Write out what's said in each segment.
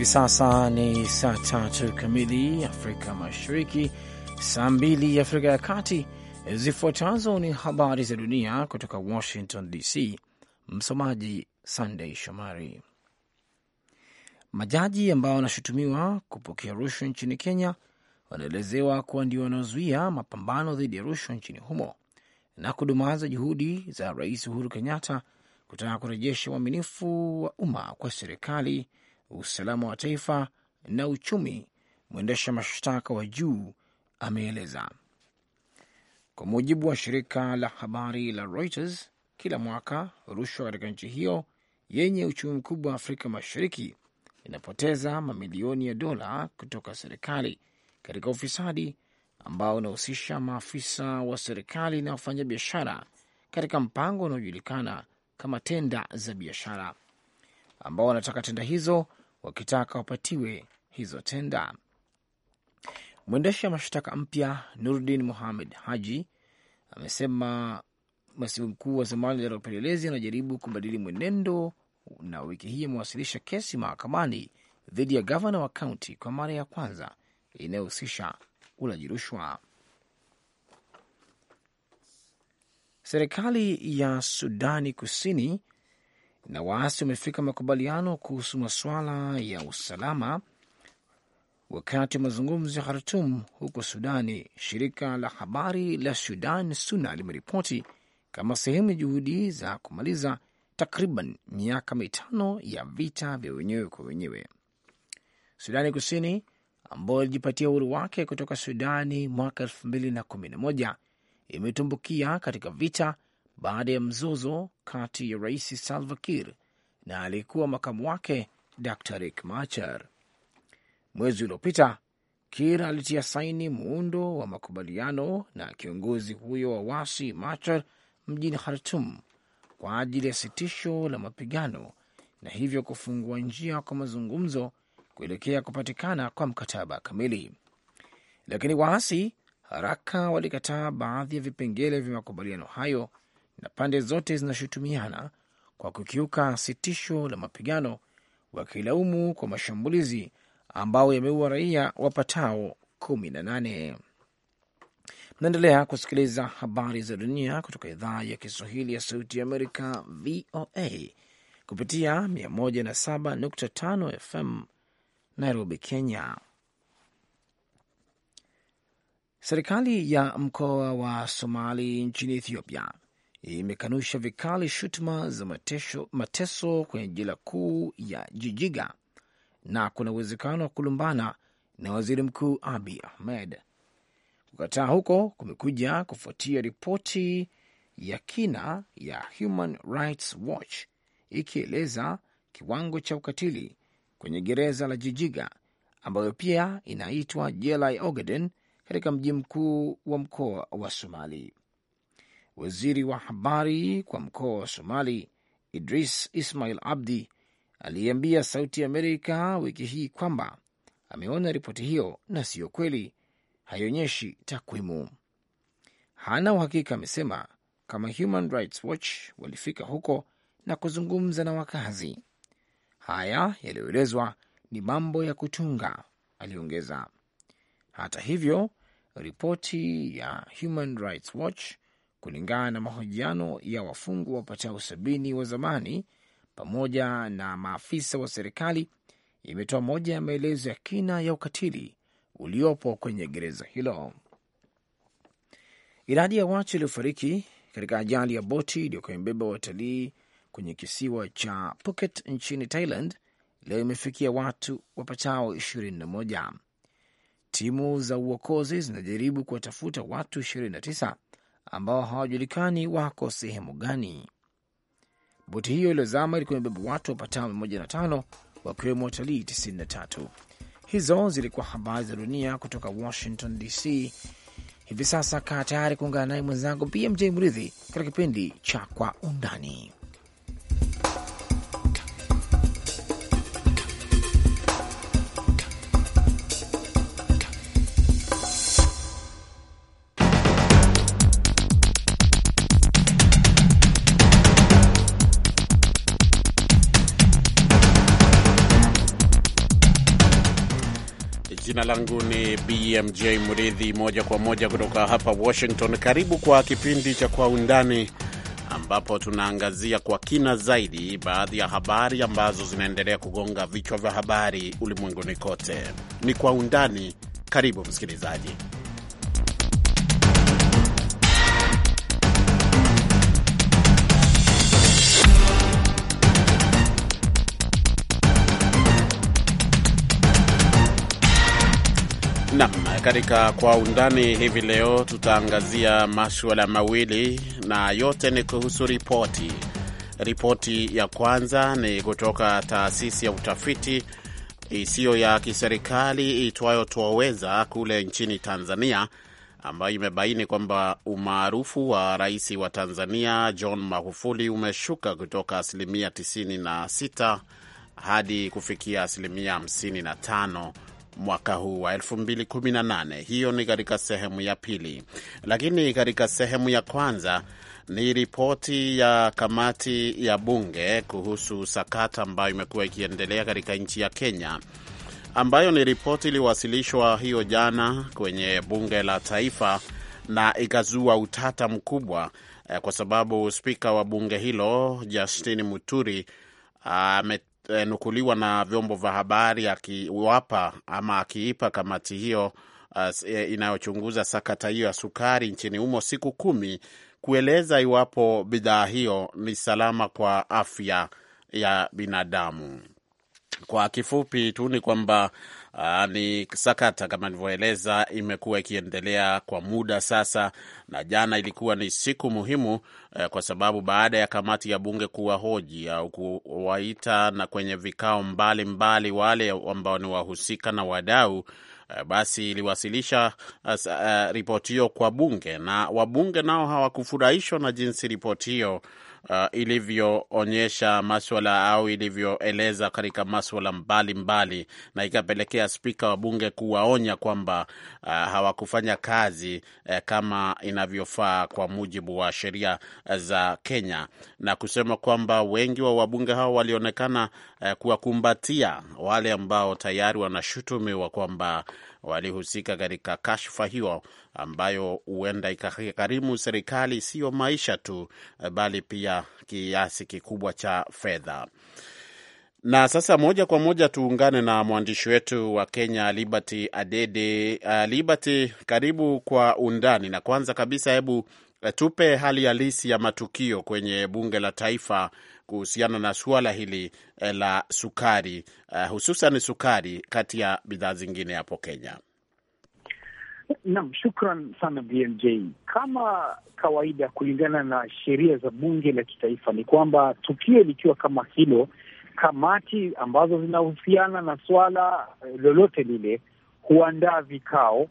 hivi sasa ni saa tatu kamili Afrika Mashariki, saa mbili Afrika ya Kati. Zifuatazo ni habari za dunia kutoka Washington DC. Msomaji Sandei Shomari. Majaji ambao wanashutumiwa kupokea rushwa nchini Kenya wanaelezewa kuwa ndio wanaozuia mapambano dhidi ya rushwa nchini humo na kudumaza juhudi za Rais Uhuru Kenyatta kutaka kurejesha uaminifu wa umma kwa serikali usalama wa taifa na uchumi, mwendesha mashtaka wa juu ameeleza. Kwa mujibu wa shirika la habari la Reuters, kila mwaka rushwa katika nchi hiyo yenye uchumi mkubwa wa Afrika Mashariki inapoteza mamilioni ya dola kutoka serikali katika ufisadi ambao unahusisha maafisa wa serikali na wafanyabiashara katika mpango unaojulikana kama tenda za biashara, ambao wanataka tenda hizo wakitaka wapatiwe hizo tenda. Mwendesha mashtaka mpya Nurdin muhamed Haji amesema masibu mkuu wa zamani la upelelezi anajaribu kubadili mwenendo, na wiki hii amewasilisha kesi mahakamani dhidi ya gavana wa kaunti kwa mara ya kwanza inayohusisha ulaji rushwa. Serikali ya Sudani Kusini na waasi wamefika makubaliano kuhusu masuala ya usalama wakati wa mazungumzo ya Khartum huko Sudani. Shirika la habari la Sudan SUNA limeripoti kama sehemu ya juhudi za kumaliza takriban miaka mitano ya vita vya wenyewe kwa wenyewe. Sudani Kusini ambayo ilijipatia uhuru wake kutoka Sudani mwaka elfu mbili na kumi na moja imetumbukia katika vita baada ya mzozo kati ya Rais Salva Kiir na aliyekuwa makamu wake Dr Riek Machar. Mwezi uliopita Kiir alitia saini muundo wa makubaliano na kiongozi huyo wa wasi Machar mjini Khartum kwa ajili ya sitisho la mapigano na hivyo kufungua njia kwa mazungumzo kuelekea kupatikana kwa mkataba kamili, lakini waasi haraka walikataa baadhi ya vipengele vya makubaliano hayo na pande zote zinashutumiana kwa kukiuka sitisho la mapigano, wakilaumu kwa mashambulizi ambao yameua raia wapatao kumi na nane. Mnaendelea kusikiliza habari za dunia kutoka idhaa ya Kiswahili ya Sauti ya Amerika, VOA, kupitia 107.5 FM Nairobi, Kenya. Serikali ya mkoa wa Somali nchini Ethiopia imekanusha vikali shutuma za mateso, mateso kwenye jela kuu ya Jijiga na kuna uwezekano wa kulumbana na waziri mkuu abi Ahmed. Kukataa huko kumekuja kufuatia ripoti ya kina ya Human Rights Watch ikieleza kiwango cha ukatili kwenye gereza la Jijiga ambayo pia inaitwa jela ya Ogaden katika mji mkuu wa mkoa wa Somali. Waziri wa habari kwa mkoa wa Somali Idris Ismail Abdi aliyeambia Sauti ya Amerika wiki hii kwamba ameona ripoti hiyo na siyo kweli, haionyeshi takwimu. Hana uhakika, amesema, kama Human Rights Watch walifika huko na kuzungumza na wakazi. Haya yaliyoelezwa ni mambo ya kutunga, aliongeza. Hata hivyo, ripoti ya Human Rights Watch kulingana na mahojiano ya wafungwa wapatao sabini wa zamani pamoja na maafisa wa serikali, imetoa moja ya maelezo ya kina ya ukatili uliopo kwenye gereza hilo. Idadi ya watu waliofariki katika ajali ya boti iliyokuwa imebeba watalii kwenye kisiwa cha Phuket nchini Thailand leo imefikia watu wapatao moja. Timu za uokozi zinajaribu kuwatafuta watu tisa ambao hawajulikani wako sehemu gani. Boti hiyo iliyozama ilikuwa imebeba watu wapatao tano wakiwemo watalii 93. Hizo zilikuwa habari za dunia kutoka Washington DC. Hivi sasa kaa tayari kuungana naye mwenzangu BMJ Mridhi katika kipindi cha Kwa Undani. langu ni BMJ Mridhi, moja kwa moja kutoka hapa Washington. Karibu kwa kipindi cha Kwa Undani, ambapo tunaangazia kwa kina zaidi baadhi ya habari ambazo zinaendelea kugonga vichwa vya habari ulimwenguni kote. Ni Kwa Undani. Karibu msikilizaji. Nam, katika kwa undani hivi leo tutaangazia maswala mawili na yote ni kuhusu ripoti. Ripoti ya kwanza ni kutoka taasisi ya utafiti isiyo ya kiserikali itwayo Twaweza kule nchini Tanzania, ambayo imebaini kwamba umaarufu wa rais wa Tanzania John Magufuli umeshuka kutoka asilimia 96 hadi kufikia asilimia 55 mwaka huu wa 2018. Hiyo ni katika sehemu ya pili, lakini katika sehemu ya kwanza ni ripoti ya kamati ya bunge kuhusu sakata ambayo imekuwa ikiendelea katika nchi ya Kenya, ambayo ni ripoti iliyowasilishwa hiyo jana kwenye bunge la taifa na ikazua utata mkubwa eh, kwa sababu spika wa bunge hilo Justin Muturi ame amenukuliwa na vyombo vya habari akiwapa ama akiipa kamati hiyo uh, eh, inayochunguza sakata hiyo ya sukari nchini humo siku kumi kueleza iwapo bidhaa hiyo ni salama kwa afya ya binadamu. Kwa kifupi tu ni kwamba Uh, ni sakata kama nilivyoeleza, imekuwa ikiendelea kwa muda sasa, na jana ilikuwa ni siku muhimu eh, kwa sababu baada ya kamati ya bunge kuwahoji au kuwaita na kwenye vikao mbalimbali mbali wale ambao ni wahusika na wadau eh, basi iliwasilisha eh, eh, ripoti hiyo kwa bunge na wabunge nao hawakufurahishwa na jinsi ripoti hiyo uh, ilivyoonyesha maswala au ilivyoeleza katika maswala mbalimbali, na ikapelekea spika wa bunge kuwaonya kwamba uh, hawakufanya kazi uh, kama inavyofaa kwa mujibu wa sheria uh, za Kenya, na kusema kwamba wengi wa wabunge hao walionekana uh, kuwakumbatia wale ambao tayari wanashutumiwa kwamba walihusika katika kashfa hiyo ambayo huenda ikagharimu serikali siyo maisha tu, bali pia kiasi kikubwa cha fedha. Na sasa moja kwa moja tuungane na mwandishi wetu wa Kenya Liberty Adede. Uh, Liberty, karibu kwa undani. Na kwanza kabisa, hebu uh, tupe hali halisi ya matukio kwenye bunge la taifa kuhusiana na suala hili eh, la sukari, uh, hususan sukari kati ya bidhaa zingine hapo Kenya. Naam, shukran sana BMJ. Kama kawaida, kulingana na sheria za bunge la kitaifa ni kwamba tukio likiwa kama hilo, kamati ambazo zinahusiana na swala eh, lolote lile huandaa vikao,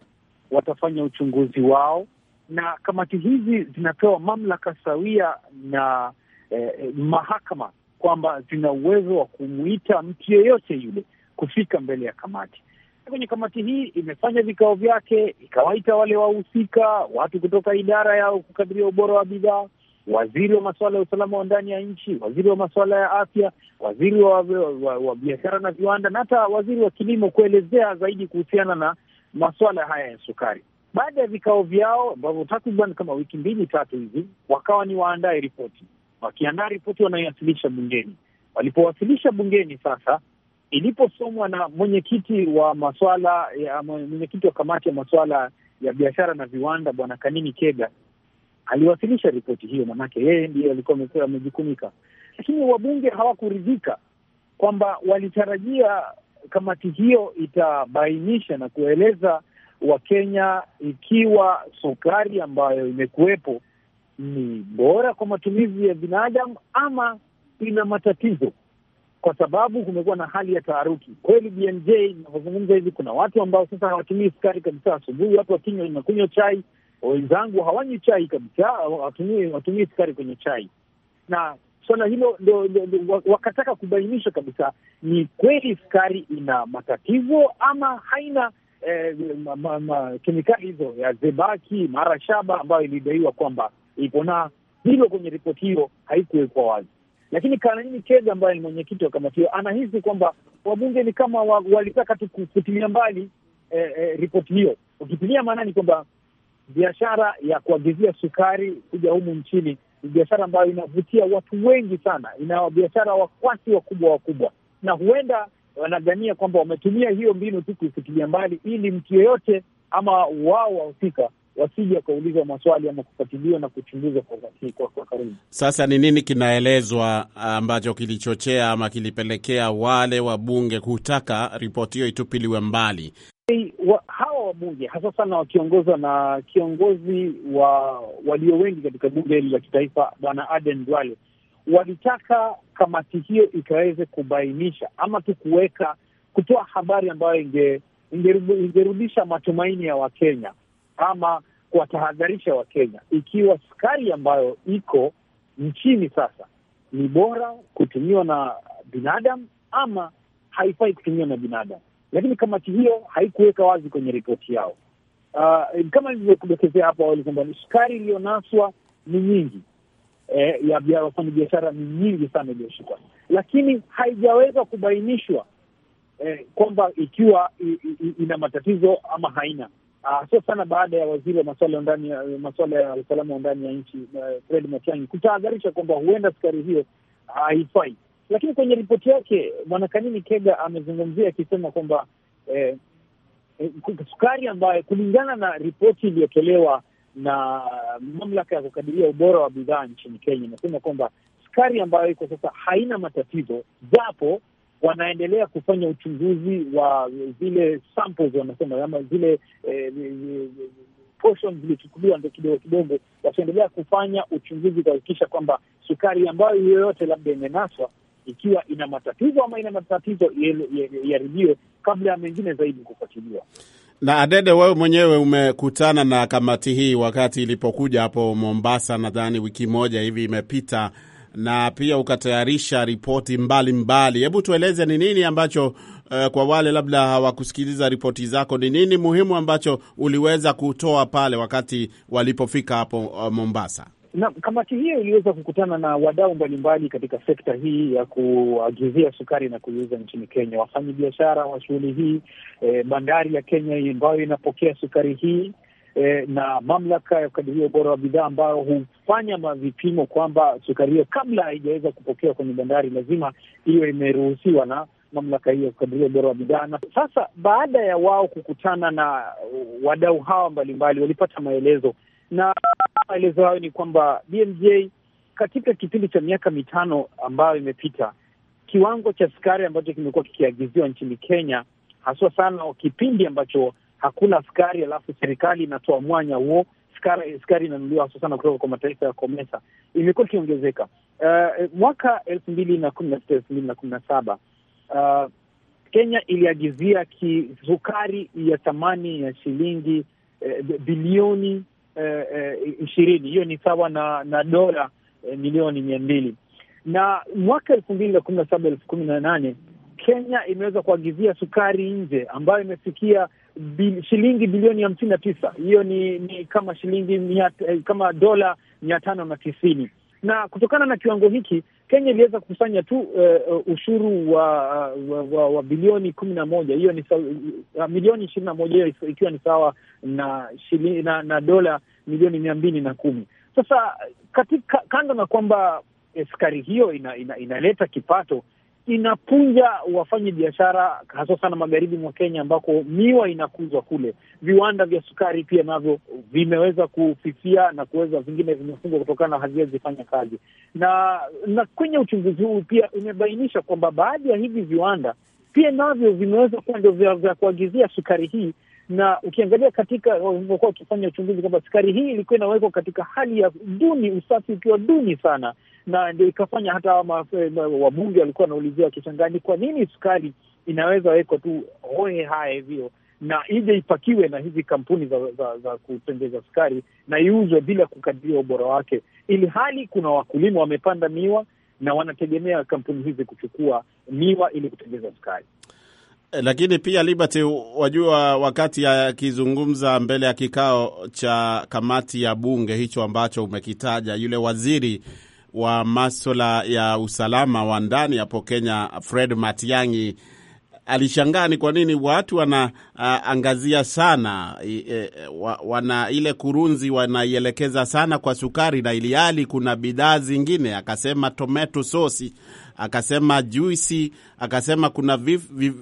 watafanya uchunguzi wao, na kamati hizi zinapewa mamlaka sawia na Eh, eh, mahakama kwamba zina uwezo wa kumwita mtu yeyote yule kufika mbele ya kamati. Kwenye kamati hii imefanya vikao vyake, ikawaita wale wahusika, watu kutoka idara ya kukadhiria ubora wa bidhaa, waziri wa masuala ya usalama wa ndani ya nchi, waziri wa masuala ya afya, waziri wa, wa, wa, wa biashara na viwanda na hata waziri wa kilimo kuelezea zaidi kuhusiana na masuala haya ya sukari. Baada ya vikao vyao ambavyo takriban kama wiki mbili tatu hivi, wakawa ni waandae ripoti wakiandaa ripoti wanaiwasilisha bungeni. Walipowasilisha bungeni, sasa iliposomwa na mwenyekiti wa maswala ya mwenyekiti wa kamati ya maswala ya biashara na viwanda, Bwana Kanini Kega aliwasilisha ripoti hiyo, manake yeye ndiye alikuwa amekuwa amejukumika, lakini wabunge hawakuridhika kwamba walitarajia kamati hiyo itabainisha na kueleza Wakenya ikiwa sukari ambayo imekuwepo ni bora kwa matumizi ya binadamu ama ina matatizo, kwa sababu kumekuwa na hali ya taharuki kweli. BMJ inavyozungumza hivi, kuna watu ambao sasa hawatumii sukari kabisa asubuhi, watu wakinywa inakunywa chai. Wenzangu hawanywi chai kabisa, watumii sukari kwenye chai, na swala hilo wakataka kubainisha kabisa, ni kweli sukari ina matatizo ama haina eh, ma, ma, ma, kemikali hizo ya zebaki mara shaba ambayo ilidaiwa kwamba ipo, na hilo kwenye ripoti hiyo haikuwekwa wazi. Lakini karaini Kega ambaye ni mwenyekiti wa kamati hiyo anahisi kwamba wabunge ni kama wa, walitaka tu kufutilia mbali eh, eh, ripoti hiyo, ukitilia maanani kwamba biashara ya kuagizia sukari kuja humu nchini ni biashara ambayo inavutia watu wengi sana, ina biashara wakwasi wakubwa wakubwa, na huenda wanadhania kwamba wametumia hiyo mbinu tu kuifutilia mbali, ili mtu yeyote ama wao wahusika wasije wakaulizwa maswali ama kufuatiliwa na kuchunguzwa kwa kwa, kwa karibu. Sasa ni nini kinaelezwa ah, ambacho kilichochea ama kilipelekea wale wabunge kutaka ripoti hiyo itupiliwe mbali? Hey, wa, hawa wabunge hasa sana wakiongozwa na kiongozi wa walio wengi katika bunge hili la kitaifa Bwana Aden Duale walitaka kamati hiyo ikaweze kubainisha ama tu kuweka kutoa habari ambayo ingerudisha inge, inge matumaini ya Wakenya ama kuwatahadharisha Wakenya ikiwa sukari ambayo iko nchini sasa ni bora kutumiwa na binadamu ama haifai kutumiwa na binadamu, lakini kamati hiyo haikuweka wazi kwenye ripoti yao. Uh, kama ilivyokudokezea hapo awali kwamba sukari iliyonaswa ni nyingi eh, ya wafanyabiashara ni nyingi sana iliyoshikwa, lakini haijaweza kubainishwa eh, kwamba ikiwa i, i, ina matatizo ama haina uh, sio sana baada ya waziri wa masuala ya usalama wa ndani ya nchi uh, Fred Matiang'i kutahadharisha kwamba huenda sukari hiyo haifai uh, lakini kwenye ripoti yake Bwana Kanini Kega amezungumzia akisema kwamba eh, eh, sukari ambayo kulingana na ripoti iliyotolewa na mamlaka ya kukadiria ubora wa bidhaa nchini Kenya inasema kwamba sukari ambayo iko sasa haina matatizo, japo wanaendelea kufanya uchunguzi wa zile samples wanasema, ama zile eh, zilichukuliwa ndo kidogo kidogo, wakiendelea kufanya uchunguzi kuhakikisha kwamba sukari ambayo yoyote labda imenaswa ikiwa ina matatizo ama ina matatizo iharibiwe kabla ya mengine zaidi kufuatiliwa. Na Adede, wewe mwenyewe umekutana na kamati hii wakati ilipokuja hapo Mombasa, nadhani wiki moja hivi imepita na pia ukatayarisha ripoti mbalimbali. Hebu tueleze ni nini ambacho uh, kwa wale labda hawakusikiliza ripoti zako, ni nini muhimu ambacho uliweza kutoa pale wakati walipofika hapo uh, Mombasa? Na kamati hiyo iliweza kukutana na wadau mbalimbali katika sekta hii ya kuagizia sukari na kuiuza nchini Kenya, wafanyabiashara wa shughuli hii eh, bandari ya Kenya ambayo inapokea sukari hii eh, na mamlaka ya kukadiria ubora wa bidhaa ambayo hufanya vipimo kwamba sukari hiyo kabla haijaweza kupokewa kwenye bandari lazima hiyo imeruhusiwa na mamlaka hiyo ya kukadiria ubora wa bidhaa. Na sasa baada ya wao kukutana na wadau hawa mbalimbali, walipata maelezo na maelezo hayo ni kwamba BMJ katika kipindi cha miaka mitano ambayo imepita, kiwango cha sukari ambacho kimekuwa kikiagiziwa nchini Kenya haswa sana kipindi ambacho hakuna skari alafu serikali inatoa mwanya huo sukari inanunuliwa hasa sana kutoka kwa mataifa ya Komesa, imekuwa ikiongezeka. Uh, mwaka elfu mbili na kumi na sita elfu mbili na kumi na saba uh, Kenya iliagizia sukari ya thamani ya shilingi eh, bilioni ishirini eh, hiyo ni sawa na na dola eh, milioni mia mbili na mwaka elfu mbili na kumi na saba elfu kumi na nane Kenya imeweza kuagizia sukari nje ambayo imefikia bil, shilingi bilioni hamsini na tisa. Hiyo ni, ni kama shilingi eh, kama dola mia tano na tisini na kutokana na kiwango hiki Kenya iliweza kukusanya tu uh, ushuru wa, wa, wa, wa bilioni kumi na moja hiyo ni uh, milioni ishirini na moja hiyo ikiwa ni sawa na, na, na dola milioni mia mbili na kumi. Sasa katika kando na kwamba eh, sukari hiyo ina, ina, inaleta kipato inapunja wafanye biashara hasa sana magharibi mwa Kenya ambako miwa inakuzwa kule. Viwanda vya sukari pia navyo vimeweza kufifia na kuweza vingine vimefungwa kutokana na haziwezi fanya kazi, na na kwenye uchunguzi huu pia imebainisha kwamba baadhi ya hivi viwanda pia navyo vimeweza kuwa ndio vya kuagizia sukari hii na ukiangalia katika walivyokuwa wakifanya uchunguzi kwamba sukari hii ilikuwa inawekwa katika hali ya duni, usafi ukiwa duni sana, na ndio ikafanya hata eh, wabunge walikuwa wanaulizia wakichangani, kwa nini sukari inaweza wekwa tu hohe haya hivyo na ije ipakiwe na hizi kampuni za, za, za kutengeza sukari na iuzwe bila kukadiria ubora wake, ili hali kuna wakulima wamepanda miwa na wanategemea kampuni hizi kuchukua miwa ili kutengeza sukari. Lakini pia Liberty, wajua, wakati akizungumza mbele ya kikao cha kamati ya bunge hicho ambacho umekitaja, yule waziri wa maswala ya usalama wa ndani hapo Kenya, Fred Matiang'i alishangaa ni kwa nini watu wanaangazia sana e, wa, wana ile kurunzi wanaielekeza sana kwa sukari na iliali kuna bidhaa zingine, akasema tomato sosi akasema juisi, akasema kuna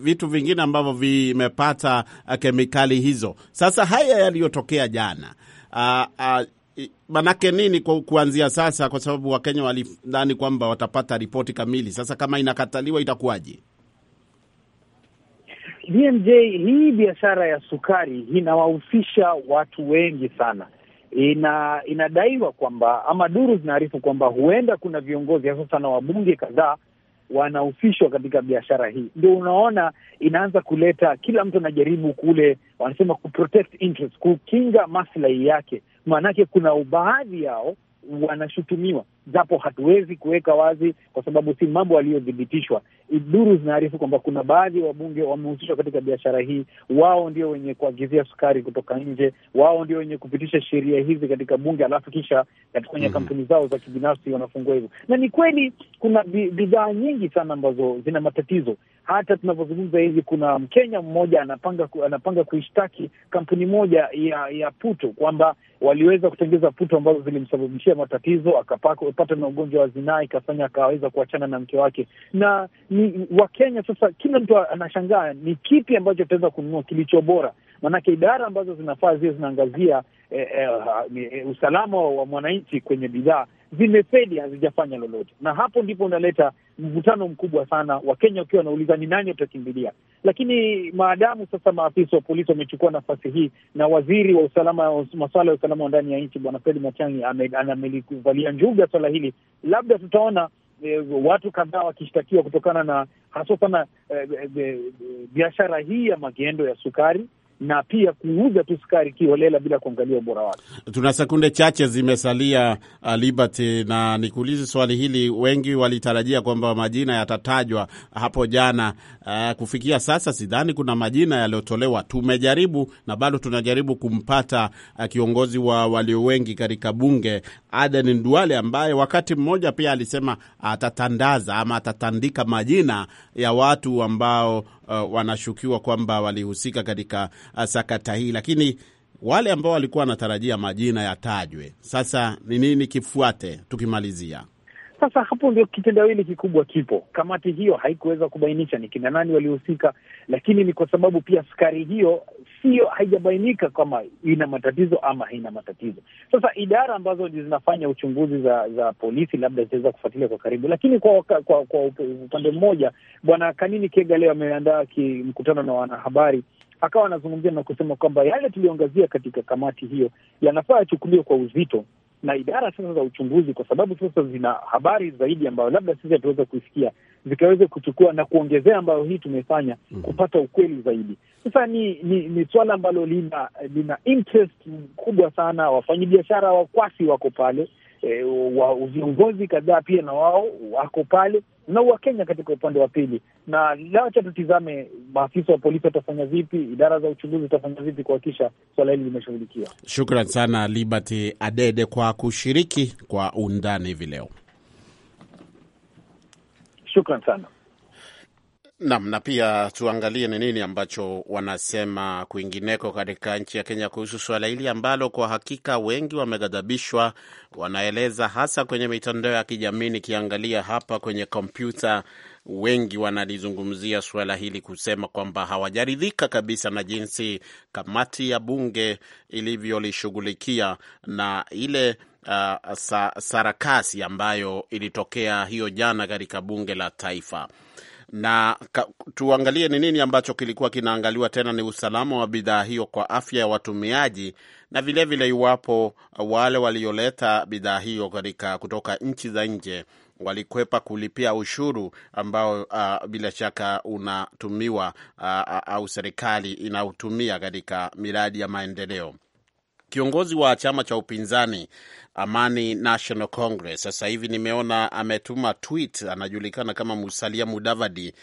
vitu vingine ambavyo vimepata uh, kemikali hizo. Sasa haya yaliyotokea jana a, uh, a, uh, manake nini kwa kuanzia sasa? Kwa sababu Wakenya walidhani kwamba watapata ripoti kamili. Sasa kama inakataliwa itakuwaje? BMJ, hii biashara ya sukari inawahusisha watu wengi sana ina inadaiwa kwamba ama duru zinaarifu kwamba huenda kuna viongozi hasa sana wabunge kadhaa wanahusishwa katika biashara hii. Ndio unaona inaanza kuleta, kila mtu anajaribu kule, wanasema ku interest, kukinga maslahi yake. Maanake kuna baadhi yao wanashutumiwa, japo hatuwezi kuweka wazi kwa sababu si mambo aliyodhibitishwa duru zinaarifu kwamba kuna baadhi ya wabunge wamehusishwa katika biashara hii. Wao ndio wenye kuagizia sukari kutoka nje, wao ndio wenye kupitisha sheria hizi katika bunge, alafu kisha kwenye mm -hmm. kampuni zao za kibinafsi wanafungua hivyo. Na ni kweli kuna bidhaa nyingi sana ambazo zina matatizo hata tunavyozungumza hivi, kuna Mkenya mmoja anapanga anapanga kuishtaki kampuni moja ya ya puto kwamba waliweza kutengeza puto ambazo zilimsababishia matatizo, akapata na ugonjwa wa zinaa, ikafanya akaweza kuachana na mke wake. Na ni Wakenya sasa, kila mtu anashangaa ni kipi ambacho ataweza kununua kilicho bora, maanake idara ambazo zinafaa zie zinaangazia eh, eh, eh, usalama wa mwananchi kwenye bidhaa zimefeli, hazijafanya lolote, na hapo ndipo unaleta mvutano mkubwa sana, Wakenya wakiwa wanauliza ni nani utakimbilia. Lakini maadamu sasa maafisa wa polisi wamechukua nafasi hii na waziri wa usalama, masuala ya usalama wa ndani ya nchi Bwana Fred Matiang'i amelikuvalia njuga swala hili, labda tutaona E, watu kadhaa wakishtakiwa kutokana na haswa sana e, e, e biashara hii ya magendo ya sukari na pia kuuza tu sukari kiholela bila kuangalia ubora wake. Tuna sekunde chache zimesalia, uh, Liberty, na nikuulize swali hili. Wengi walitarajia kwamba majina yatatajwa hapo jana. Uh, kufikia sasa sidhani kuna majina yaliyotolewa. Tumejaribu na bado tunajaribu kumpata uh, kiongozi wa walio wengi katika bunge Aden Nduale, ambaye wakati mmoja pia alisema atatandaza ama atatandika majina ya watu ambao uh, wanashukiwa kwamba walihusika katika uh, sakata hii, lakini wale ambao walikuwa wanatarajia majina yatajwe, sasa ni nini kifuate tukimalizia? Sasa hapo ndio kitendawili kikubwa kipo. Kamati hiyo haikuweza kubainisha ni kina nani walihusika, lakini ni kwa sababu pia sukari hiyo sio haijabainika kama ina matatizo ama haina matatizo. Sasa idara ambazo zinafanya uchunguzi za za polisi labda zitaweza kufuatilia kwa karibu, lakini kwa kwa, kwa, kwa upande mmoja Bwana Kanini Kega leo ameandaa mkutano na wanahabari akawa anazungumzia na kusema kwamba yale tuliyoangazia katika kamati hiyo yanafaa yachukuliwe kwa uzito na idara sasa za uchunguzi, kwa sababu sasa zina habari zaidi ambayo labda sisi hatuweza kuisikia, zikaweze kuchukua na kuongezea ambayo hii tumefanya mm -hmm. kupata ukweli zaidi. Sasa ni ni, ni swala ambalo lina lina interest kubwa sana. Wafanyabiashara wakwasi wako pale e, wa viongozi kadhaa pia na wao wako pale na Wakenya katika upande wa pili, na lacha tutizame maafisa wa polisi watafanya vipi, idara za uchunguzi zitafanya vipi kuhakikisha swala hili limeshughulikiwa. Shukran sana Liberty Adede kwa kushiriki kwa undani hivi leo. Shukran sana. Naam, na pia tuangalie ni nini ambacho wanasema kwingineko katika nchi ya Kenya kuhusu suala hili ambalo kwa hakika wengi wameghadhabishwa, wanaeleza hasa kwenye mitandao ya kijamii. Nikiangalia hapa kwenye kompyuta, wengi wanalizungumzia suala hili kusema kwamba hawajaridhika kabisa na jinsi kamati ya bunge ilivyolishughulikia na ile uh, sa, sarakasi ambayo ilitokea hiyo jana katika bunge la taifa na ka, tuangalie ni nini ambacho kilikuwa kinaangaliwa. Tena ni usalama wa bidhaa hiyo kwa afya ya watumiaji, na vilevile iwapo wale walioleta bidhaa hiyo katika kutoka nchi za nje walikwepa kulipia ushuru ambao uh, bila shaka unatumiwa uh, uh au serikali inautumia katika miradi ya maendeleo. Kiongozi wa chama cha upinzani Amani National Congress. Sasa hivi nimeona ametuma tweet, anajulikana kama Musalia Mudavadi,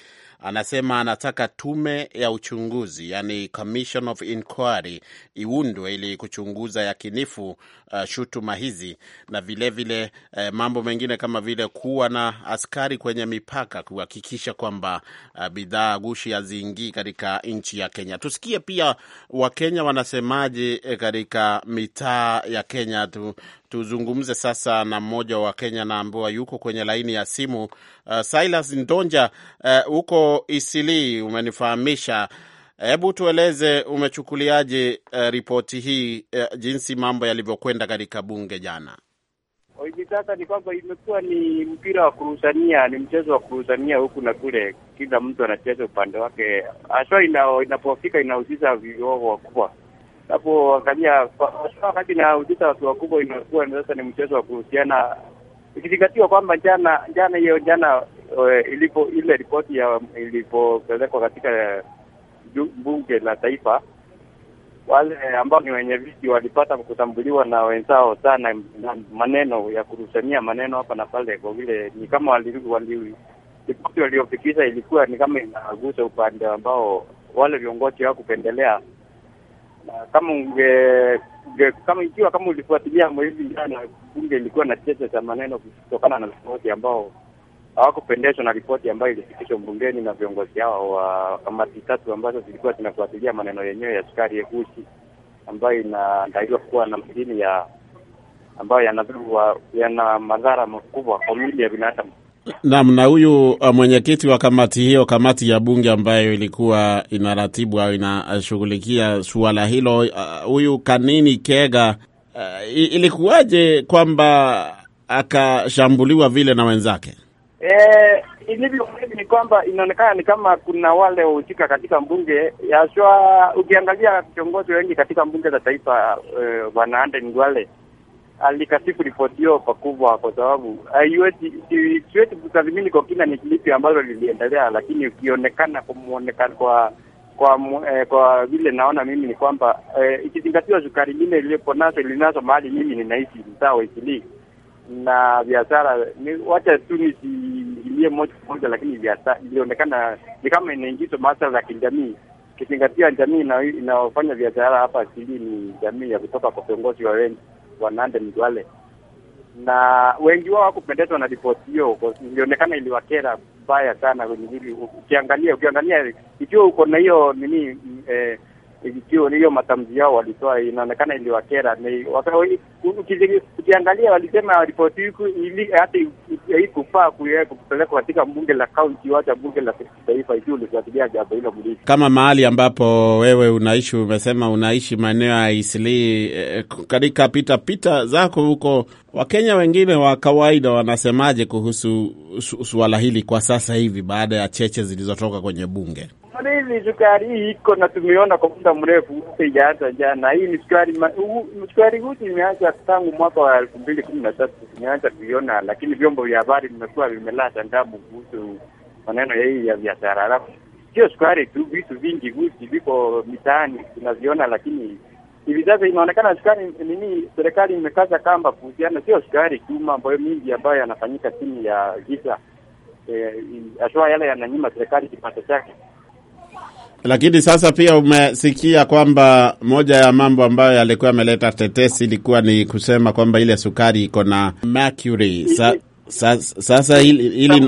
anasema anataka tume ya uchunguzi, yani commission of inquiry, iundwe ili kuchunguza yakinifu uh, shutuma hizi na vilevile vile, uh, mambo mengine kama vile kuwa na askari kwenye mipaka kuhakikisha kwamba uh, bidhaa gushi haziingii katika nchi ya Kenya. Tusikie pia Wakenya wanasemaje eh, katika mitaa ya Kenya tu Tuzungumze sasa na mmoja wa Kenya na ambao yuko kwenye laini ya simu. Uh, Silas Ndonja huko uh, Isili, umenifahamisha. Hebu tueleze umechukuliaje uh, ripoti hii uh, jinsi mambo yalivyokwenda katika bunge jana? hivi sasa ni kwamba imekuwa ni mpira wa kurusania, ni mchezo wa kurusania huku na kule, kila mtu anacheza upande wake, haswa inapofika inahusisha vigogo wakubwa napoangalia wakati na ujita watu wakubwa, inakuwa sasa ni mchezo wa kuhusiana, ikizingatiwa kwamba jana jana hiyo jana eh, ilipo ile ripoti ya ilipopelekwa katika eh, bunge la taifa, wale ambao ni wenye viti walipata kutambuliwa na wenzao sana na maneno ya kurushania maneno hapa na pale, kwa vile ni kama wali ripoti waliofikisha ilikuwa ni kama inagusa upande ambao wale viongozi hawakupendelea kama unge kama ikiwa kama ulifuatilia mwezi jana, bunge ilikuwa na cheche cha maneno kutokana na ripoti ambao hawakupendezwa na ripoti ambayo ilifikishwa bungeni na viongozi hao wa kamati tatu ambazo zilikuwa zinafuatilia maneno yenyewe ya sukari egusi ambayo inadaiwa kuwa na madini ya ambayo yana madhara makubwa kwa mwili ya binadamu. Naam. Na huyu uh, mwenyekiti wa kamati hiyo, kamati ya bunge ambayo ilikuwa inaratibu au inashughulikia suala hilo, uh, huyu uh, Kanini Kega, uh, ilikuwaje kwamba akashambuliwa vile na wenzake? Eh, ilivyo ni kwamba inaonekana ni kama kuna wale wahusika katika mbunge yaswa, ukiangalia viongozi wengi katika mbunge za taifa, uh, bwana Aden alikasifu ripoti hiyo pakubwa, kwa sababu siwezi kutathmini kwa kina ni kilipi ambalo liliendelea, lakini ukionekana kumwonekana kwa kwa eh, kwa vile naona mimi ni kwamba eh, ikizingatiwa sukari lile iliyopo nazo linazo mahali mimi ninaishi mtaa wa Isilii na biashara, wacha tu nisiingilie moja kwa moja, lakini biashara ilionekana ni kama inaingizwa masuala ya kijamii, ikizingatia jamii inayofanya biashara hapa Isilii ni jamii ya kutoka kwa viongozi wa wengi wa Nande na wengi wao wakupendezwa na ripoti hiyo. Ilionekana iliwakera mbaya sana kwenye hili. Ukiangalia ukiangalia, ikiwa uko na hiyo nini eh, hiyo hiyo matamzi yao walitoa inaonekana iliwakera. Ukiangalia walisema ripoti hata haikufaa kupelekwa katika bunge la kaunti, wacha bunge la taifa ikiwa ulifuatilia jambo hilo mlii. Kama mahali ambapo wewe unaishi, umesema unaishi maeneo ya Isli, eh, katika pita pita zako huko, Wakenya wengine wa kawaida wanasemaje kuhusu suala hili kwa sasa hivi baada ya cheche zilizotoka kwenye bunge? Mbona hivi sukari hii iko na tumeona kwa muda mrefu, haijaanza jana. Hii ni sukari sukari huti imeanza tangu mwaka wa elfu mbili kumi na tatu tumeanza kuiona, lakini vyombo vya habari vimekuwa vimelata ndamu kuhusu maneno ya hii ya biashara. Alafu sio sukari tu, vitu vingi huti viko mitaani tunaviona, lakini hivi sasa inaonekana sukari nini, serikali imekaza kamba kuhusiana, sio sukari tu, mambo mingi ambayo yanafanyika chini ya giza eh, yale yananyima serikali kipato chake. Lakini sasa pia umesikia kwamba moja ya mambo ambayo yalikuwa yameleta tetesi ilikuwa ni kusema kwamba ile sukari iko na mercury. Sa, sa, sasa ili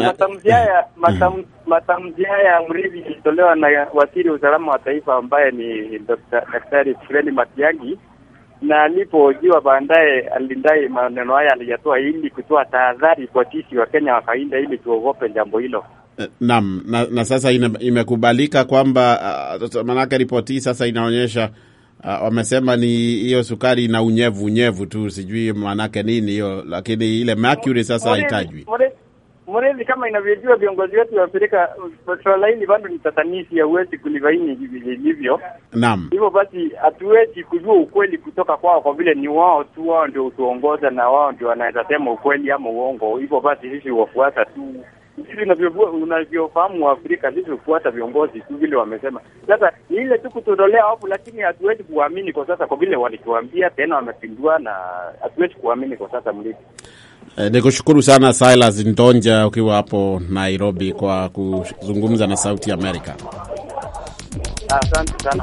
matamzi haya ya Mridhi ilitolewa na waziri wa usalama wa taifa ambaye ni Daktari Fred Matiang'i na alipojua baadaye alindai maneno haya aliyatoa ili kutoa tahadhari kwa sisi wa Kenya wa kawaida, ili tuogope jambo hilo. Eh, naam, na, na sasa imekubalika kwamba uh, manake ripoti hii sasa inaonyesha uh, wamesema ni hiyo sukari ina unyevu unyevu tu, sijui maanake nini hiyo, lakini ile mercury sasa haitajwi. Mrezi, kama inavyojua viongozi wetu wa Afrika, swala hili bado ni tatanishi, hauwezi kulibaini hivi vilivyo. Naam, hivyo basi hatuwezi kujua ukweli kutoka kwao, kwa vile ni wao tu, wao ndio hutuongoza na wao ndio wanaweza sema ukweli ama uongo. Hivyo basi sisi wafuata tu sisi unavyofahamu Afrika, sisi hufuata viongozi tu vile wamesema. Sasa ile tu kutondolea hofu, lakini hatuwezi kuamini kwa sasa, kwa vile walituambia tena wamepindua, na hatuwezi kuamini kwa sasa mlipo E, ni kushukuru sana Silas Ndonja ukiwa hapo Nairobi kwa kuzungumza na Sauti Amerika. Asante sana.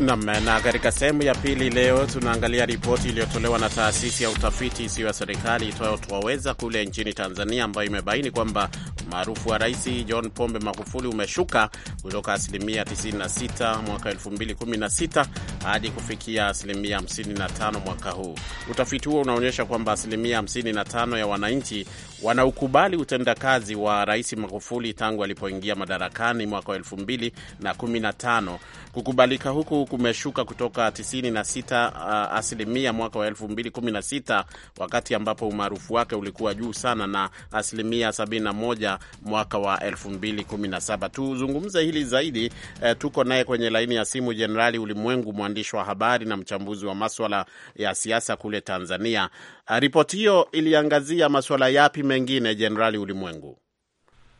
Nam. Na katika sehemu ya pili leo tunaangalia ripoti iliyotolewa na taasisi ya utafiti isiyo ya serikali itwayo Twaweza kule nchini Tanzania, ambayo imebaini kwamba umaarufu wa Rais John Pombe Magufuli umeshuka kutoka asilimia 96 mwaka 2016 hadi kufikia asilimia 55 mwaka huu. Utafiti huo unaonyesha kwamba asilimia 55 ya wananchi wanaukubali utendakazi wa Rais Magufuli tangu alipoingia madarakani mwaka 2015 kukubalika huku kumeshuka kutoka 96 uh, asilimia mwaka wa 2016 wakati ambapo umaarufu wake ulikuwa juu sana na asilimia 71 mwaka wa 2017. Tuzungumze hili zaidi eh, tuko naye kwenye laini ya simu Jenerali Ulimwengu, mwandishi wa habari na mchambuzi wa maswala ya siasa kule Tanzania. Ah, ripoti hiyo iliangazia maswala yapi mengine, Jenerali Ulimwengu?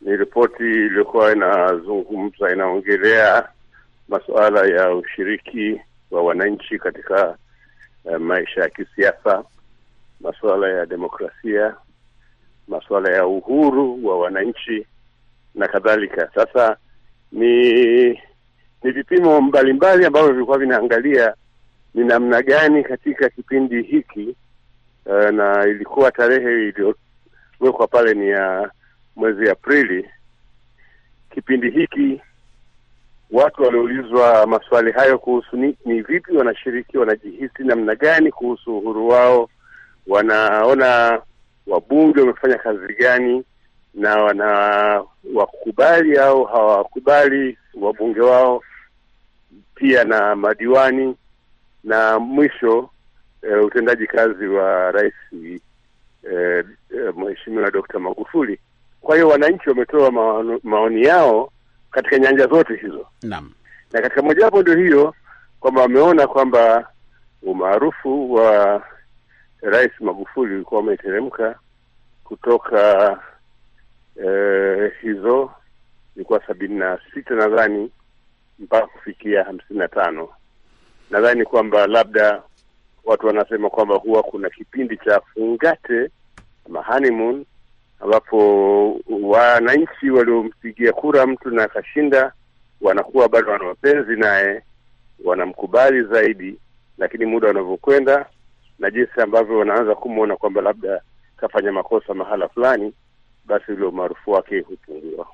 Ni ripoti iliyokuwa inazungumza, inaongelea masuala ya ushiriki wa wananchi katika uh, maisha ya kisiasa, masuala ya demokrasia, masuala ya uhuru wa wananchi na kadhalika. Sasa ni ni vipimo mbalimbali ambavyo vilikuwa vinaangalia ni namna gani katika kipindi hiki uh, na ilikuwa tarehe iliyowekwa pale ni ya mwezi Aprili, kipindi hiki watu walioulizwa maswali hayo kuhusu ni, ni vipi wanashiriki, wanajihisi namna gani kuhusu uhuru wao, wanaona wabunge wamefanya kazi gani, na wana wakubali au hawakubali wabunge wao, pia na madiwani, na mwisho e, utendaji kazi wa rais e, e, Mheshimiwa Dokta Magufuli. Kwa hiyo wananchi wametoa maoni yao katika nyanja zote hizo. Naam, na katika mojawapo ndio hiyo kwamba wameona kwamba umaarufu wa Rais Magufuli ulikuwa umeteremka kutoka eh, hizo ilikuwa sabini na sita nadhani mpaka kufikia hamsini na tano. Nadhani kwamba labda watu wanasema kwamba huwa kuna kipindi cha fungate ama honeymoon ambapo wananchi waliompigia kura mtu na akashinda wanakuwa bado wana wapenzi naye, wanamkubali zaidi, lakini muda wanavyokwenda na jinsi ambavyo wanaanza kumwona kwamba labda kafanya makosa mahala fulani, basi ule umaarufu wake hupungua.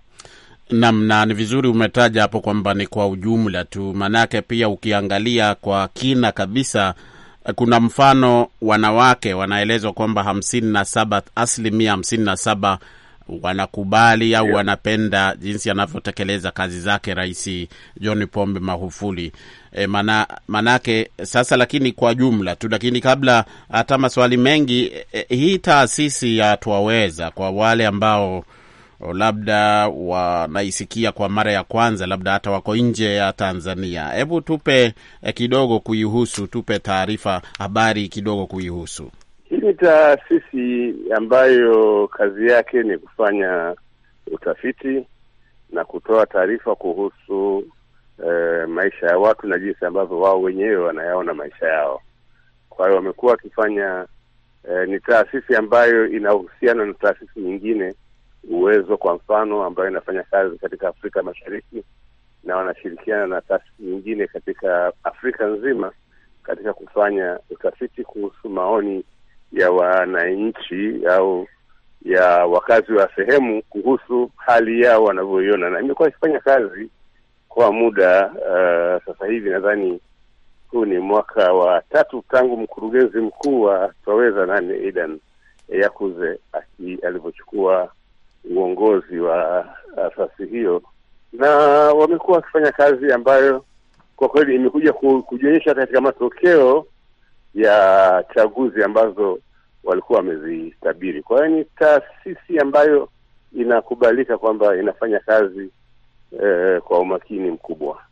Naam, na ni vizuri umetaja hapo kwamba ni kwa ujumla tu, maanake pia ukiangalia kwa kina kabisa kuna mfano wanawake wanaelezwa kwamba hamsini na saba asilimia hamsini na saba wanakubali au wanapenda jinsi anavyotekeleza kazi zake Rais John Pombe Magufuli. E, mana, manake sasa lakini kwa jumla tu, lakini kabla hata maswali mengi e, e hii taasisi ya Twaweza kwa wale ambao labda wanaisikia kwa mara ya kwanza, labda hata wako nje ya Tanzania. Hebu tupe eh, kidogo kuihusu, tupe taarifa, habari kidogo kuihusu. Hii ni taasisi ambayo kazi yake ni kufanya utafiti na kutoa taarifa kuhusu eh, maisha ya watu na jinsi ambavyo wao wenyewe wanayaona maisha yao. Kwa hiyo wamekuwa wakifanya eh, ni taasisi ambayo ina uhusiano na taasisi nyingine Uwezo kwa mfano, ambayo inafanya kazi katika Afrika Mashariki na wanashirikiana na taasisi nyingine katika Afrika nzima katika kufanya utafiti kuhusu maoni ya wananchi au ya wakazi wa sehemu kuhusu hali yao wanavyoiona, na imekuwa ikifanya kazi kwa muda uh, sasa hivi nadhani huu ni mwaka wa tatu tangu mkurugenzi mkuu wa Twaweza nane Aidan yakuze alivyochukua uongozi wa asasi hiyo, na wamekuwa wakifanya kazi ambayo kwa kweli imekuja kujionyesha katika matokeo ya chaguzi ambazo walikuwa wamezitabiri. Kwa hiyo ni taasisi ambayo inakubalika kwamba inafanya kazi eh, kwa umakini mkubwa.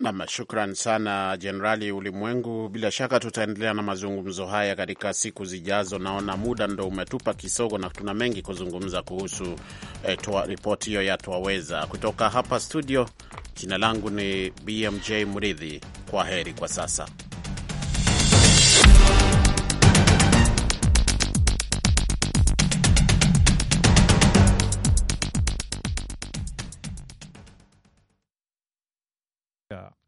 Nam, shukran sana Jenerali Ulimwengu. Bila shaka tutaendelea na mazungumzo haya katika siku zijazo. Naona muda ndo umetupa kisogo na tuna mengi kuzungumza kuhusu eh, ripoti hiyo ya Twaweza. Kutoka hapa studio, jina langu ni BMJ Mridhi. Kwa heri kwa sasa. Yeah.